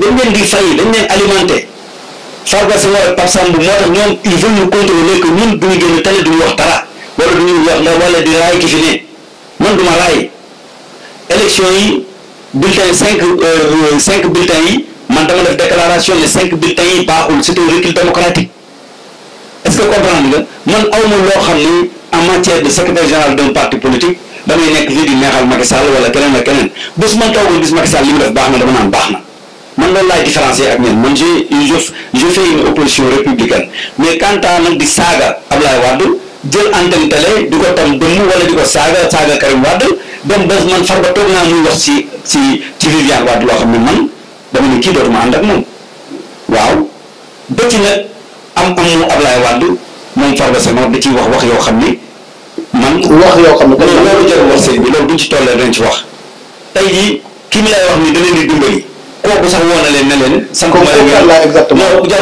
dañ leen di fay dañ leen alimenté Farba Senghor ak Pape Samb moo tax ñoom il faut ñu contrôler que ñun du ñu génn tali du ñu wax dara wala du ñu wax ndax wala di raay ki fi ne man du ma raay élection yi bulletin cinq euh, cinq bulletins yi man dama def déclaration ne cinq bulletins yi baaxul c'est un recul démocratique est-ce que comprendre nga man awma loo xam ni en matière de secrétaire général d'un parti politique damay nekk fii di neexal Macky Sall wala keneen ak keneen bés man taw gis Macky Sall li mu def baax na dama naan baax na man la lay différencier ak ñun man j'ai je fais une opposition républicaine mais quand à nag di saga ablay Wade jël antenne télé diko tam dem wala diko saga saga Karim dem ba man Farba tok na ñu wax ci ci ci vivian Wade lo xamni man dama ne kii dootuma and ak mom waaw ba ci nak am am mu Ablaye Wade moom Farba Senghor da ci wax wax yo xamni man. wax yo xamni ne loolu jarul wax sëñ bi lo duñ ci tollé dañ ci wax tay jii ki mi lay wax ni da leen di dimbali. kooku sax woo na leen ne leen. sant ma laa exactement bi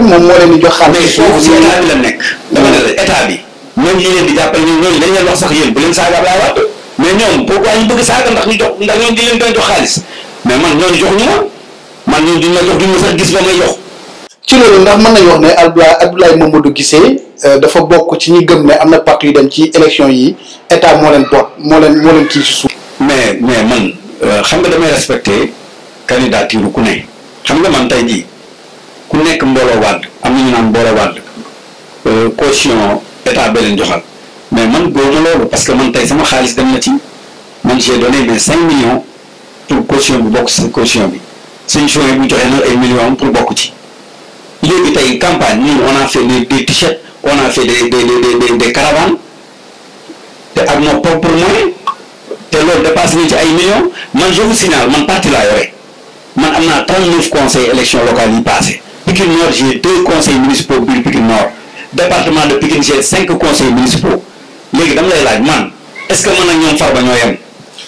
moom moo leen jox xaalis. nekk. dama ne bi. leen di jàppale ñoom dañ leen wax sax yéen bu leen saaga Ablaye Wade mais ñoom pourquoi ñu bëgg saaga mais man ñooñu jox ñu ma man ñooñu duñ ma sax gis ba may jox. ci loolu ndax mën nañu wax ne Abdoulaye Abdoulaye Mamadou Guissé Euh, dafa bokk ci ñi gëm ne am na parti yu dem ci élection yi état moo leen boot moo leen moo leen kii ci suuf. mais mais man euh, xam nga damay respecté candidature ku ne xam nga man tey jii ku nekk mbooloo wàdd am na ñu naan mbooloo wàdd euh, caution état ba leen joxal mais man góor na loolu parce que man tey sama xaalis dem na ci man j'ai donné mes cinq millions pour caution bi bokk ci caution bi suñ choix bu joxe na ay millions pour bokk ci léegi tey campagne nii on a fait les t-shirts on a fait des des des des caravanes te ak nos propres moyens te loolu dépasse nañ ci ay million man je vous man parti laa yore man am naa 39 conseils élection locale yi passé Pikine Nord j'ai deux conseils municipaux biir Pikine Nord département de Pikine j'ai cinq conseils municipaux léegi dama lay laaj man est que man na ñoom Farba ñoo yem.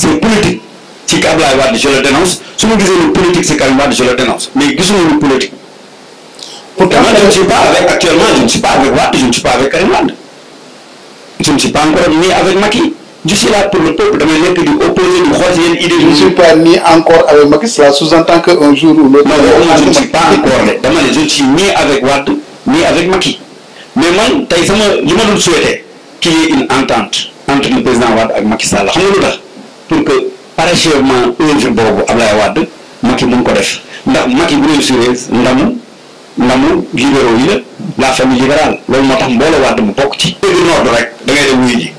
c'est politique ci Abdoulaye Wade je le dénonce su disiez gisee que politique c'est Karim je le dénonce mais gisuma lu politique. pourtant je ne suis pas avec actuellement je ne suis pas avec Wad, je ne suis pas avec Karim je ne suis pas encore ni avec Macky je suis là pour le peuple de manière que opposé di xool idée. je ne suis pas ni encore avec Macky cela sous-entend que un jour ou l'autre. non je ne suis pas encore de je ne suis ni avec Wad, ni avec Macky mais moi, je me souhaitais qu'il y ait une entente entre le président Wade et Macky Sall Je ne pour que parachèvement œuvre boobu Ablaye Wade Macky mun ko def ndax Macky bu réussir ndamu ndamu libéraux yi la la famille libérale loolu moo tax mbooloo Wade bu bokk ci. dégg noord rek da ngay dem wuyu ji.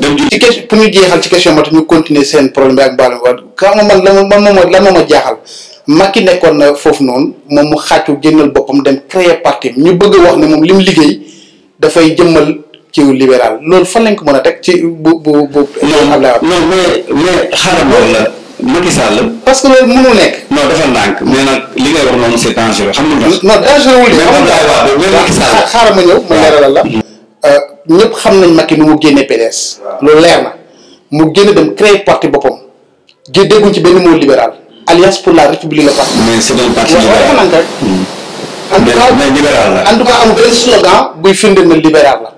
dem ci question pour ñu jeexal ci question moo tax ñu continuer seen problème bi ak Ablaye Wade xam nga man lan man moom lan moo ma jaaxal Macky nekkoon na foofu noonu moom mu xàccu génnal boppam dem créer parti ñu bëgg a wax ni moom li mu liggéey dafay jëmmal. kiw libéral loolu fan lañ ko mën a teg ci bu bu bu. non non mais mais xaaral loolu la parce que loolu mënul nekk. non dafa ndànk mais nag li ngay xam nga. non dangereux mais xaaral ma ñëw ma leeralal la. Mm-hmm. Euh, ñëpp xam nañ Macky nu mu génnee PDS. loolu leer na mu génn dem créer parti boppam. gé dégguñ ci benn mot libéral. alliance pour la république la parti. mais c'est un parti libéral mm-hmm. en tout cas en tout cas amul benn slogan buy firndeel na libéral la.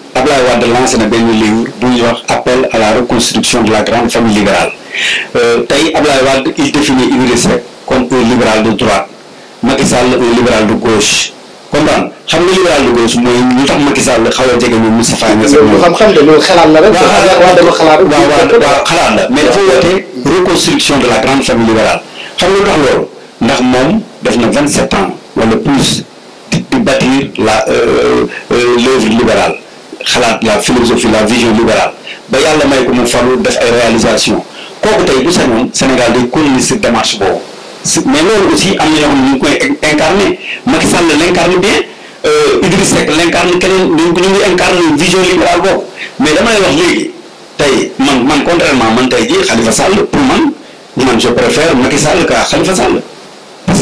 Abdoulaye Wade lancé une benn ligne bu appel à la reconstruction de la grande famille libérale euh, tey Abdoulaye Wade il définit Idriss comme un libéral de droite Macky Sall un libéral de gauche comprendre xam nga libéral de gauche mooy ñu tax Macky Sall xaw a jege ñoom Moustapha Niasse. xam-xam de loolu xalaat la rek. waaw dama xalaat waaw xalaat la mais dafa woote reconstruction de la grande famille libérale xam nga tax loolu ndax moom def na 27 ans wala plus di bâtir la euh, euh, l'œuvre libérale. xalaat la philosophie la vision libérale ba yàlla may ko mu falu def ay réalisation kooku tey du sañoon Sénégal day continuer cette démarche boobu mais loolu aussi am na ñoo xam ne ñu ngi koy incarné Macky Sall l'incarne bien euh, Idriss Seck l'incarne keneen ñu ngi incarne vision libérale boobu mais dama lay wax léegi man contrairement man tey jii Khalifa Sall pour man man je préfère Macky Sall que Khalifa Sall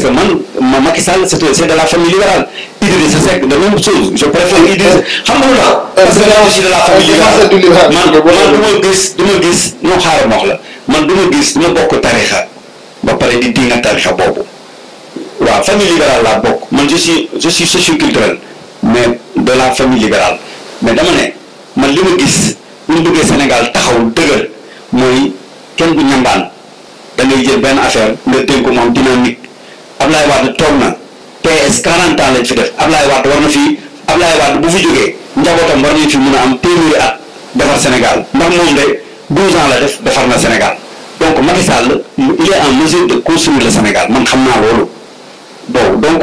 parce que man Macky Sall c'est est de la famille libérale Idrissa Seck de même chose je préfère Idrissa xam nga euh, parce que daal aussi de la famille libérale man man du ma gis du ma gis non xaaral wax la man du ma gis du bokk tarixa ba pare di dina tarixa bobu wa famille libérale la bokk man je suis je suis socioculturel mais de la famille libérale mais dama ne man li ma gis ñu bëggee Sénégal taxaw dëgër mooy kenn du ñambaan da ngay jël benn affaire nga dénk ko moom dynamique. Ablaye Wade toog na PS 40 ans lañ fi def Ablaye Wade war na fi Ablaye Wade bu fi jógee njabootam war nañ fi mun a am téeméeri at defar Sénégal ndax moom de 12 ans la def defar na Sénégal donc Macky Sall il en mesure de construire le Sénégal man xam naa loolu bon donc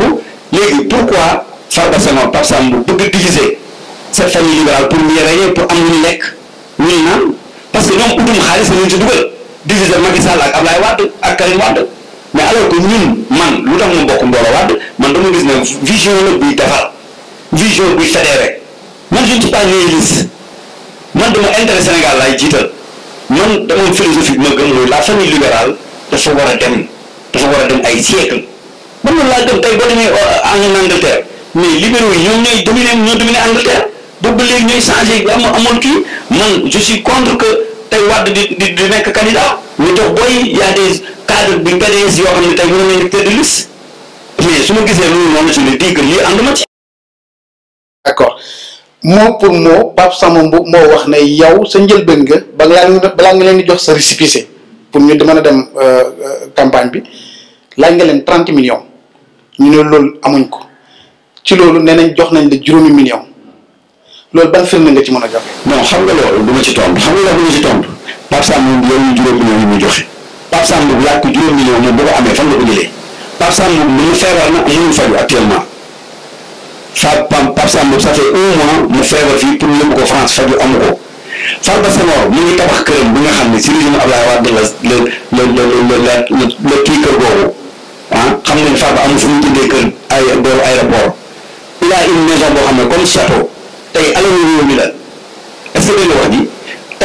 léegi pourquoi Farba Senghor Pape Samba bëgg diviser cette famille libérale pour ñu régner pour am lu ñu lekk lu naan parce que ñoom utum xaalis la ñu ci dugal diviser Macky Sall mais alors que ñun man lu tax mu bokk mbooloo waat man dama gis ne vision la buy defar vision buy fédéré man je ne suis pas nihiliste man dama intérêt Sénégal laay jiital man dama philosophie ma gëm mooy la famille libérale dafa war a dem dafa dem ay siècle man loolu laa gëm tey boo demee euh, en Angleterre mais libéraux yi ñoom ñooy dominé ñoo dominé Angleterre boobu léegi ñooy changé amul amul man je contre que tey Wade di di di nekk candidat. ñu dox boy y a des cadres bi PDS yoo xam ne tey mënu leen tëdd lis mais su ma gisee loolu noonu je le dis que lii ànd ma ci. d' accord mot pour mot Pape Samba Mboup moo wax ne yow sa njëlbeen nga balaa nga balaa nga leen di jox sa récépissé pour ñu mën a dem eh, eh, campagne bi laaj nga leen trente millions ñu ne loolu amuñ ko ci loolu nee nañ jox nañ la juróomi millions loolu ban firnde nga ci mën a non xam nga loolu du ma ci tontu xam nga loolu du ma ci tontu. Pape Sam moom yow ñu juróom million yi muy joxe Pape Sam moom laaj ko juróom million ñoom boo amee fan nga ko jëlee Pape Sam mu feebar na mënul faju actuellement fa Pape Sam moom mu feebar fii pour yóbbu ko France faju amu ko Farba Senghor mu ngi tabax këram bi nga xam ne si la la la la la ah, nga ne mu jëndee a une maison boo xam ne comme château tey alalu réew mi la est-ce wax ji.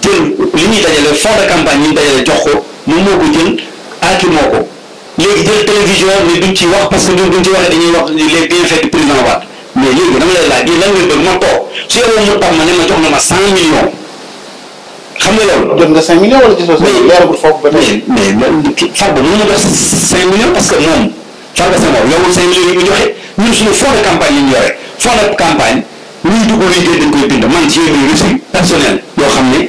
jël li ñuy dajale fond de campagne yi ñu dajale jox ko moom moo ko jël aaki moo ko léegi jël télévision mais duñ ci wax parce que ñun duñ ci waxee dañuy wax les bienfaits du président Wade mais léegi dama lay laaj lan nga bëgg ma toog su yow mu tax ma ne ma jox na ma cent millions xam nga loolu. jot nga cinq millions wala gisoo sa leeragul foofu ba tey. mais mais Farba mën na def cinq millions parce que moom Farba sama yowul cinq millions yi mu joxe ñun suñu fond de campagne yi ñu yore fond de campagne luy dugg luy génn dañ koy bind man ci yooyu personnel yoo xam ne.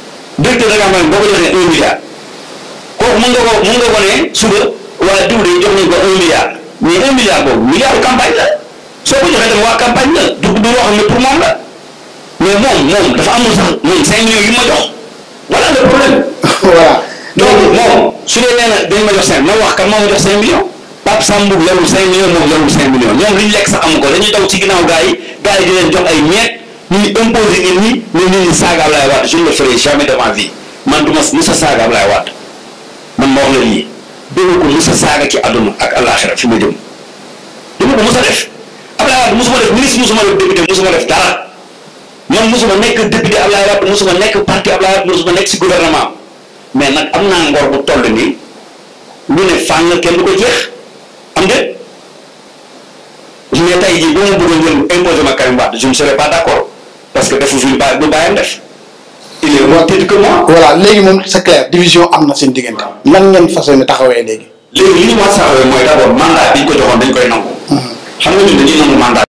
directeur da boo ko joxee un milliard kooku mun nga ko mun nga ko ne suba wala diw de jox nañ ko un milliard mais un milliard boobu milliard campagne la soo ko joxee tamit waa campagne la du du loo xam ne pour la mais moom moom dafa amul sax moom cinq millions yu ma jox voilà problème. voilà moom su dee nee na dañ ma jox cinq wax kan ma jox cinq millions. Pape Samb yorul moom yorul cinq millions ñoom li ñu lekk sax amu ko dañuy daw ci ginnaaw gars yi gars yi di leen jox ay ñeent. ni imposé ni ni ni ngi leen saaga Ablaye Wade je ne ferai jamais de ma vie man du ni sa saaga Ablaye Wade man mo wax ni lii déglu ko musa saaga ci àdduna ak àllaaxira fi ma jëm dama ko musa def Ablaye Wade musuma def ministre musuma def député musuma def dara man musuma nek député Ablaye Wade musuma nek parti Ablaye Wade musuma nek ci gouvernement mais nak amna ngor bu toll ni lu ne fàng kenn du ko jeex am de mais tey jii bu ma bëggoon jël imposé ma Karim Wade je ne serai pas d'accord parce que defu fi ba lu bàyyam def. il est moins titre que moi. léegi moom sa clair division am na seen diggante. nan ngeen fas ni taxawee léegi. léegi li ñu war a taxawee mooy d'abord mandat bi ñu ko joxoon dañ koy nangu. xam nga ñun dañuy nangu mandat.